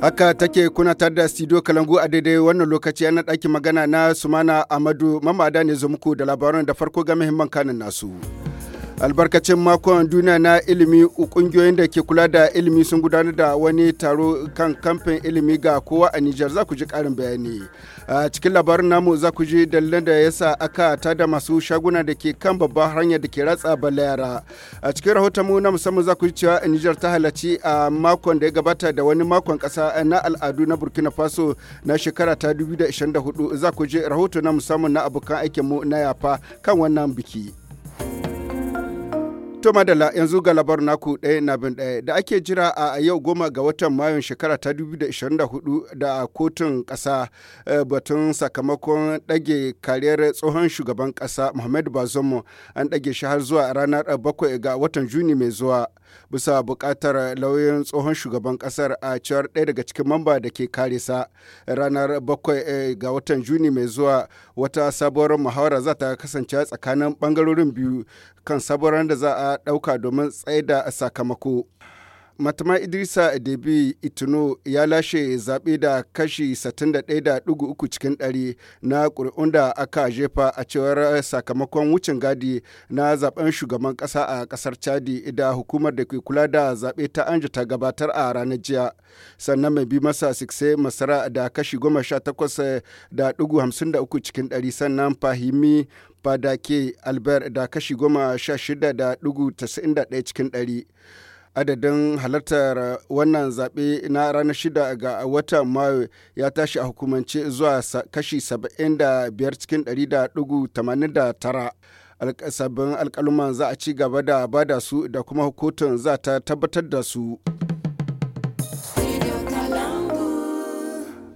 Haka take kunatar da studio Kalangu a daidai wannan lokaci ana ɗaki magana na Sumana Amadu Mamada ne zo muku da labaran da farko ga muhimman kanin nasu. albarkacin makon duniya na ilimi ƙungiyoyin da ke kula da ilimi sun gudanar da wani taro kan kamfen ilimi ga kowa a Nijar za ku ji ƙarin bayani. a cikin labarin namu za ku ji dalilan da yasa aka tada masu shaguna da ke kan babbar hanyar da ke ratsa balayara a cikin rahoton mu na musamman za ku ji cewa Niger ta halarci a makon da ya gabata da wani makon kasa na al'adu na Burkina Faso na shekara ta 2024 za ku ji rahoton na musamman na abokan aikin mu na yafa kan wannan biki. To madalla yanzu ga labar naku ɗaya na bin ɗaya da ake jira a yau goma ga watan mayun shekara ta 2024 da kotun ƙasa eh, batun sakamakon ɗage kariyar tsohon shugaban ƙasa Muhammad Bazoum an ɗage shi har zuwa ranar bakwai ga watan Juni mai zuwa bisa buƙatar lauyan tsohon shugaban ƙasar a cewar ɗaya daga cikin mamba da ke kare sa ranar bakwai eh, ga watan Juni mai zuwa wata sabuwar muhawara za ta kasance tsakanin ɓangarorin biyu kan saboran da za a ɗauka domin tsaida sakamako. Matama Idrisa Debi itunu ya lashe zaɓe da kashi 61.3 cikin ɗari na ƙuri'un da aka jefa a cewar sakamakon wucin gadi na zaben shugaban ƙasa a ƙasar Chadi da hukumar da ke kula da zaɓe ta Anja ta gabatar a ranar jiya. Sannan mai bi masa Sikse Masara da kashi 18.53 cikin ɗari sannan Fahimi Fadake Albert da kashi 16.91 cikin ɗari. adadin halartar wannan zaɓe na ranar shida ga watan mayu ya tashi a hukumance zuwa kashi 75 cikin 100.89 sabbin alkaluman za a ci gaba da bada su da kuma kotun za ta tabbatar da su.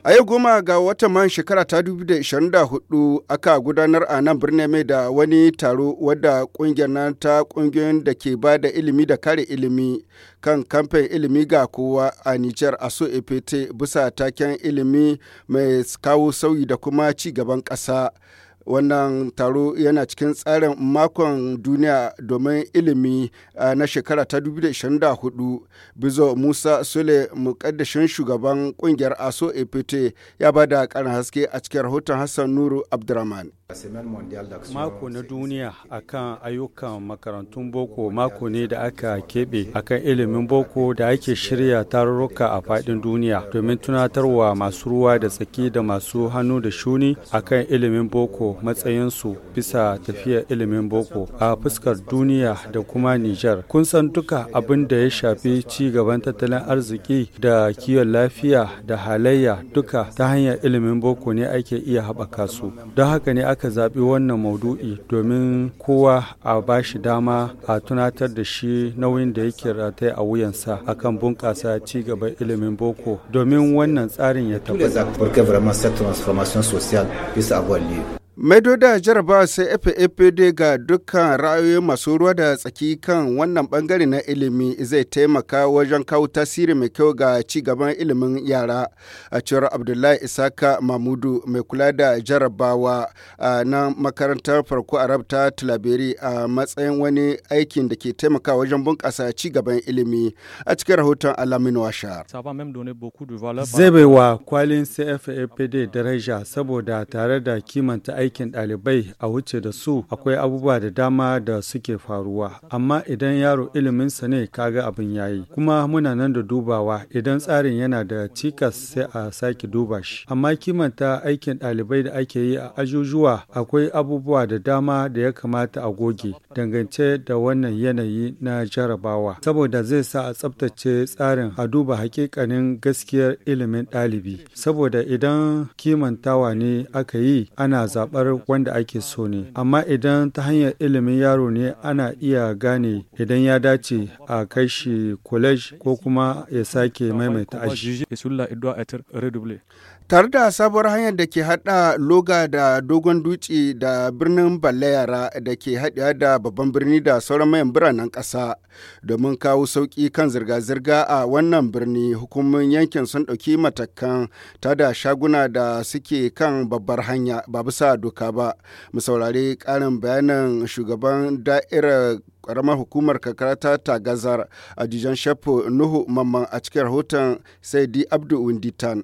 A yau goma ga watan man shekara ta 2024 aka gudanar a nan birnin mai da wani taro wadda kungiyar nan ta kungiyoyin da ke ba da ilimi da kare ilimi kan kamfen ilimi ga kowa a Nijar a so bisa taken ilimi mai kawo sauyi da kuma ci gaban ƙasa. wannan taro yana cikin tsarin makon duniya domin ilimi ah, na shekara ta 2024 bizo musa sule mukaddashin shugaban kungiyar aso epite ya ba da karin haske a cikin rahoton hassan nuru abdurrahman Mako na duniya akan ayyukan makarantun boko mako ne da aka keɓe akan ilimin boko da ake shirya tarurruka a faɗin duniya domin tunatarwa masu ruwa da tsaki da masu hannu da shuni akan ilimin boko matsayinsu bisa tafiyar ilimin boko a fuskar duniya da kuma Nijar. Kun san duka abin da ya shafi ci gaban tattalin arziki da kiwon lafiya da halayya duka ta hanyar ilimin boko ne ake iya haɓaka su. Don haka ne aka zaɓi wannan maudu'i domin kowa a ba shi dama a tunatar da shi nauyin da yake ratai a wuyansa akan bunƙasa ci gaban ilimin boko domin wannan tsarin ya tabbata. maido da jaraba sai fafd ga dukkan ra'ayoyi masu ruwa da tsaki kan wannan bangare na ilimi zai taimaka wajen kawo tasiri mai kyau ga ci ilimin yara a cewar abdullahi isaka mamudu mai kula da jarabawa na makarantar farko arab ta Tulaberi a matsayin wani aikin da ke taimaka wajen bunƙasa ci gaban ilimi a cikin rahoton alamin washar zai wa kwalin cfapd daraja saboda tare da kimanta aikin ɗalibai a wuce da su akwai abubuwa da dama da suke faruwa amma idan yaro iliminsa ne kaga abin yayi kuma muna nan da dubawa idan tsarin yana da cikas sai a sake duba shi amma kimanta aikin ɗalibai da ake yi a ajujuwa akwai abubuwa da dama da ya kamata a goge dangance da wannan yanayi na jarabawa saboda zai sa a tsabtace tsarin a duba hakikanin gaskiyar ilimin ɗalibi saboda idan kimantawa ne aka yi ana zaɓa zaɓar wanda ake so ne amma idan ta hanyar ilimin yaro ne ana iya gane idan ya dace a kai shi college ko kuma ya sake maimaita ashi tare da sabuwar hanyar da ke hada loga da dogon dutse da birnin balayara da ke haɗewa da babban birni da sauran mayan biranen ƙasa domin kawo sauƙi kan zirga-zirga a wannan birni hukumin yankin sun ɗauki matakan ta da shaguna da suke kan babbar hanya ba bisa doka ba mu saurari ƙarin bayanin shugaban da'irar karamar hukumar kakara ta tagazar a jijan shafo nuhu mamman a cikin rahoton saidi abdu winditan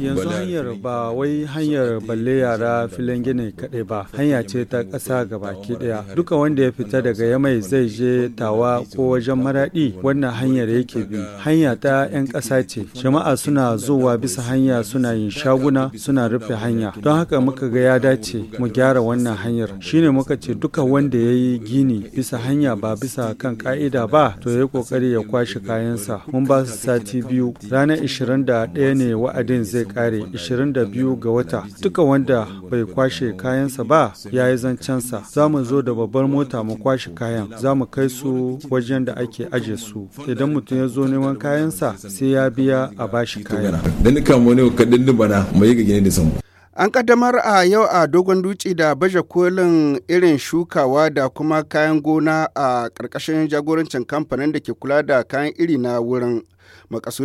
yanzu hanyar ba wai hanyar balle yara filin gini kaɗai ba hanya ce ta ƙasa gabaki ɗaya duka wanda ya fita daga yamai zai je tawa ko wajen maraɗi wannan hanyar yake bi hanya ta 'yan ƙasa ce jama'a suna zuwa bisa hanya suna yin shaguna suna rufe hanya don haka muka ga ya dace mu gyara wannan hanyar shine muka ce duka wanda ya yi gini bisa hanya ba bisa kan ka'ida ba to ya kokari ya kwashe kayansa mun ba su sati biyu ranar 21 ne wa'adin zai kare 22 ga wata duka wanda bai kwashe kayansa ba ya yi zancensa za mu zo da babbar mota mu kwashe kayan za mu kai su wajen da ake aje su idan mutum ya zo neman kayansa sai ya biya a bashi kayan. wani mai An kaddamar a yau a dogon dutse da baje kolin irin shukawa da kuma kayan gona a ƙarƙashin jagorancin kamfanin da ke kula da kayan iri na wurin.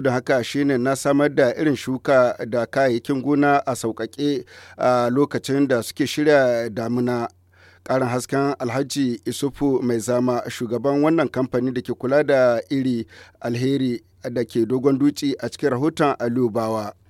da haka shine na samar da irin shuka da kayayyakin gona a sauƙaƙe a lokacin da suke shirya damuna. Ƙarin hasken Alhaji Isufu mai zama shugaban wannan kamfani da ke kula da iri alheri da ke dogon dutse a cikin rahoton Aliyu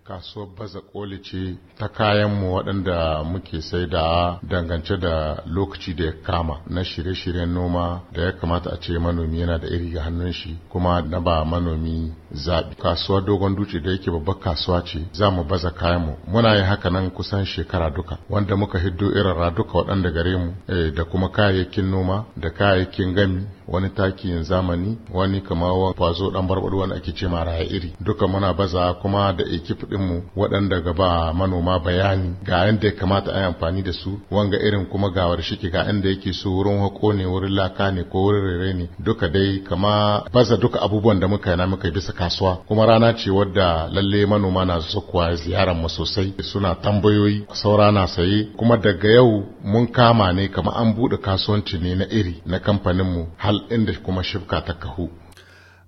kasuwar baza koli ce ta kayanmu waɗanda muke saida dangance da lokaci da ya kama na shirye-shiryen noma da ya kamata a ce manomi yana da iri ga hannun shi kuma na ba manomi zaɓi kasuwar dogon duce da yake babbar kasuwa ce za mu baza kayanmu muna yin haka nan kusan shekara duka wanda muka hiddo irin duka waɗanda gare mu eh, da kuma kayayyakin noma da kayayyakin gami wani taki takin zamani wani kama kwazo dan barbaru wanda ake ce mara iri duka muna baza kuma da ekip din mu waɗanda gaba manoma bayani ga yanda ya kamata a yi amfani da su wanga irin kuma gawar shike ga inda yake so wurin hako ne wurin laka ne ko wurin rere ne duka dai kama baza duka abubuwan da muka na muka bisa kasuwa kuma rana ce wadda lalle manoma na kuwa ziyarar mu sosai suna tambayoyi saura na saye kuma daga yau mun kama ne kama an buɗe kasuwanci ne na iri na kamfanin mu har al inda kuma shifka ta kahu.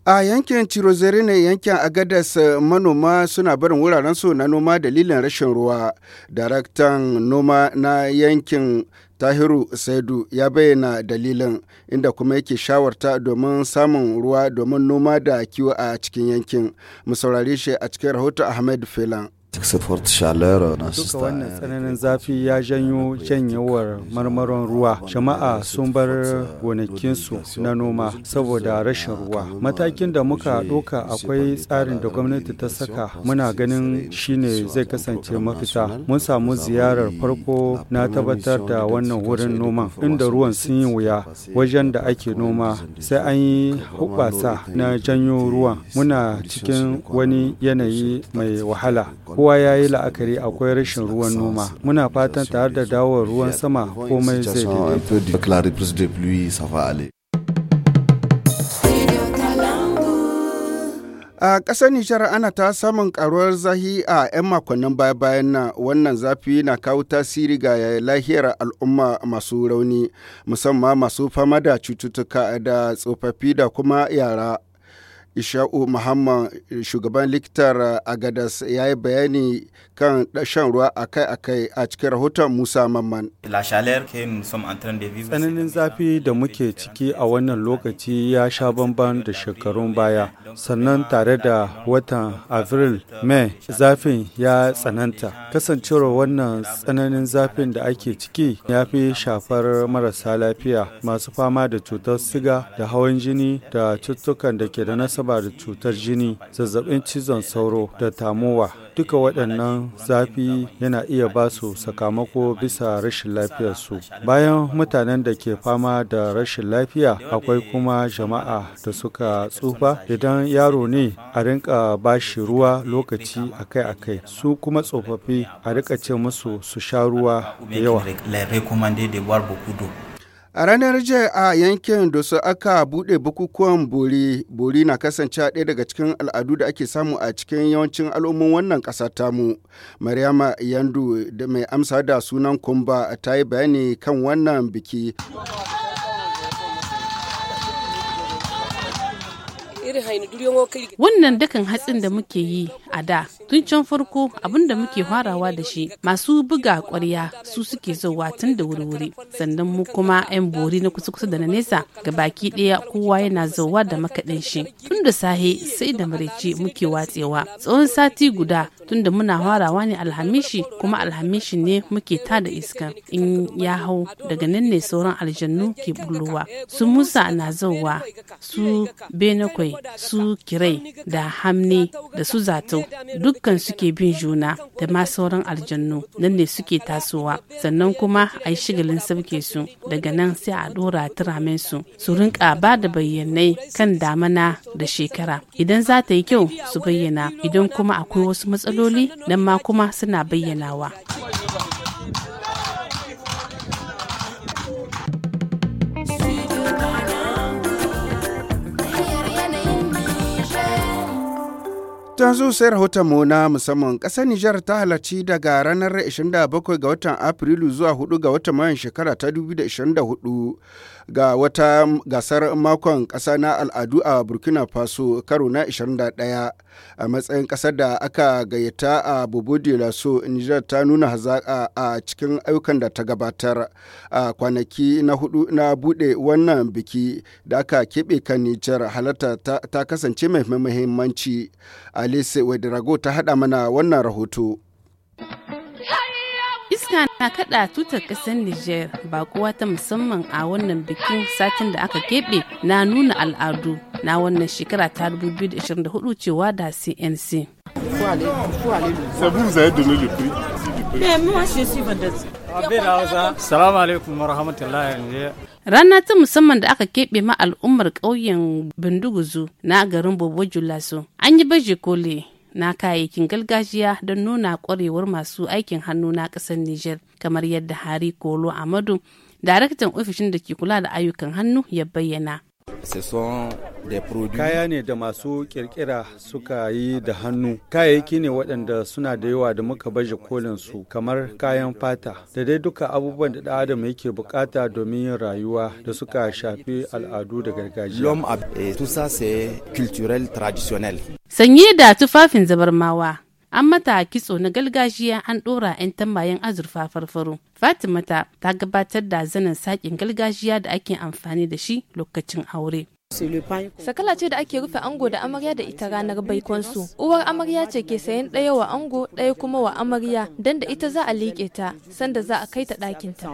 A yankin Cirozere ne yankin Agadas manoma suna barin wuraren su na noma dalilin rashin ruwa. Daraktan noma na yankin Tahiru Saidu ya bayyana dalilin inda kuma yake shawarta domin samun ruwa domin noma da kiwo a cikin yankin. Mu saurare shi a cikin rahoto Ahmed Felan. Duka wannan tsananin zafi ya janyo janyewar marmaron ruwa. Jama'a sun bar gonakinsu na noma saboda rashin ruwa. Matakin da muka ɗauka akwai tsarin da gwamnati ta saka muna ganin shine zai kasance mafita. Mun samu ziyarar farko na tabbatar da wannan wurin noma inda ruwan sun yi wuya wajen da ake noma sai an yi hubasa na janyo ruwan muna cikin wani yanayi mai wahala. kowa ya yi la'akari akwai rashin ruwan noma muna fatan tare da dawowar ruwan sama komai zai A ƙasar Nijar ana ta samun ƙaruwar zahi a 'yan makonnin baya-bayan nan wannan zafi na kawo tasiri ga lahiyar al'umma masu rauni musamman masu fama da cututtuka da tsofaffi da kuma yara. Isha'u Muhammad shugaban likitar Agadas ya yi bayani kan shan ruwa akai-akai a cikin rahoton Musa Mamman. Tsananin zafi da muke ciki a wannan lokaci ya sha bamban da shekarun baya, sannan tare da watan Avril, Mai zafin ya tsananta. Kasancewar wannan tsananin zafin da ake ciki ya fi shafar marasa lafiya masu fama da cutar siga da hawan jini da cututtukan da ke da nasaba nasaba da cutar jini zazzabin cizon sauro da tamowa duka waɗannan zafi yana iya ba su sakamako bisa rashin lafiyarsu bayan mutanen da ke fama da rashin lafiya akwai kuma jama'a da suka tsufa idan yaro ne a rinka ba shi ruwa lokaci akai-akai su kuma tsofaffi a rika ce musu su sha ruwa da yawa A ranar jiya a yankin da su aka buɗe bukukuwan bori, bori na kasance ɗaya daga cikin al'adu da ake samu a cikin yawancin al'ummin wannan ƙasa tamu. Maryama Yandu da mai amsa da sunan Kumba ta yi bayani kan wannan biki. Wannan dakan hatsin da muke yi a da tun can farko abin da muke farawa da shi masu buga kwarya su suke zuwa tun da wuri-wuri sannan mu kuma 'yan bori na kusa-kusa da na nesa ga baki ɗaya kowa yana zuwa da makaɗin shi tun da sahe sai da maraice muke watsewa tsawon sati guda tun da muna farawa ne alhamishi kuma alhamishi ne muke tada iska in ya hau daga nan ne sauran aljannu ke bullowa su musa na zuwa su benakwai su kirai da hamne da su zato duk dukkan suke bin juna da ma sauran aljannu nan ne suke tasowa sannan kuma a yi shigalin sauke su daga nan sai a dora turamen su su rinka ba da bayyanai kan damana da shekara idan za ta yi kyau su bayyana idan kuma akwai wasu matsaloli nan ma kuma suna bayyanawa. Tun zuciyar mu na musamman ƙasar Nijar ta halarci daga ranar 27 ga watan Afrilu zuwa 4 ga watan Mayan shekara ta 2024 ga wata gasar makon ƙasa na al'adu a burkina faso karo na 21 a matsayin ƙasar da aka gayyata a bobodi laso nijar ta nuna hazaƙa a cikin ayyukan da ta gabatar a kwanaki na hudu na buɗe wannan biki da aka keɓe kan nijar halarta ta kasance mai muhimmanci alice Wadirago ta haɗa mana wannan rahoto Iska na kada tutar kasar ba kowa ta musamman a wannan bikin satin da aka keɓe na nuna al'adu na wannan shekara ta 2024 cewa da CNC. Eh, wa Rana ta musamman da aka keɓe ma al'ummar ƙauyen Binduguzu na garin Bobo Julaso. An yi baje kole na kayayyakin gargajiya don nuna kwarewar masu aikin hannu na ƙasar Nijar kamar yadda Hari Kolo Amadu, daraktan ofishin da ke kula da ayyukan hannu ya bayyana. Kaya ne da masu kirkira suka yi da hannu. Kayayyaki ne waɗanda suna da yawa da muka baje kolin su kamar kayan fata da dai duka abubuwan da adam yake bukata domin yin rayuwa da suka shafi al'adu da gargajiya. Sanye da tufafin zabarmawa an mata kitso na gargajiya an dora 'yan tambayan azurfa farfaro fatimata ta gabatar da zanen sakin gargajiya da ake amfani da shi lokacin aure Sakala ce da ake rufe ango da amarya da ita ranar baikonsu. Uwar amarya ce ke sayan ɗaya wa ango ɗaya kuma wa amarya don da ita za a liƙe ta sanda za a kai ta ɗakin ta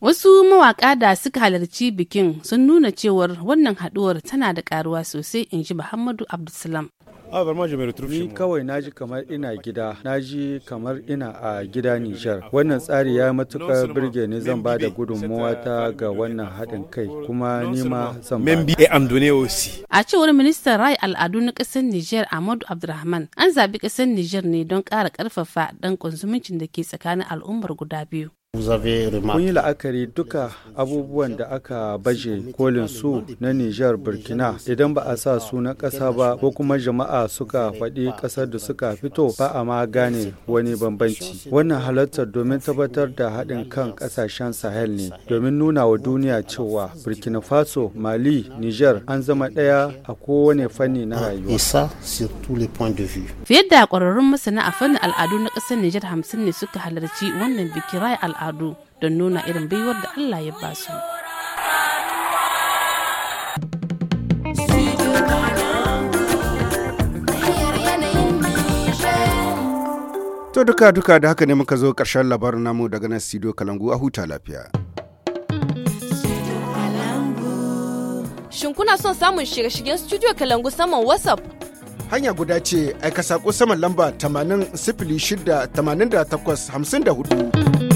Wasu mawaƙa da suka halarci bikin sun nuna cewar wannan haɗuwar tana da ƙaruwa sosai in ji Muhammadu Abdulsalam. Ni kawai naji kamar ina gida, naji kamar ina a gida Nijar. Wannan tsari ya matuƙar birge ni zan ba da gudunmuwa ta ga wannan haɗin kai kuma ni ma zan ba. A cewar ministan rai al'adu na ƙasar Nijar amadu Abdulrahman, an zaɓi ƙasar Nijar ne don ƙara ƙarfafa ɗan zumuncin da ke tsakanin al'ummar guda biyu. Kun yi la'akari duka abubuwan da aka baje kolin su na Nijar Burkina idan ba a sa su na ƙasa ba ko kuma jama'a suka faɗi kasar da suka fito ba a ma gane wani bambanci. Wannan halartar domin tabbatar da haɗin kan ƙasashen Sahel ne domin nuna wa duniya cewa Burkina Faso, Mali, Nijar an zama ɗaya a kowane fanni na ah, rayuwa. Fiye da ƙwararrun masana a fannin al'adu na ƙasar Nijar hamsin ne suka halarci wannan bikin raya al'adu. al'adu don nuna irin baiwar da Allah ya ba su. To duka duka da haka ne muka zo ƙarshen labarin namu daga nan studio Kalangu a huta lafiya. Shin kuna son samun shirye-shiryen studio Kalangu saman WhatsApp? Hanya guda ce aika saƙo saman lamba 80 68 54.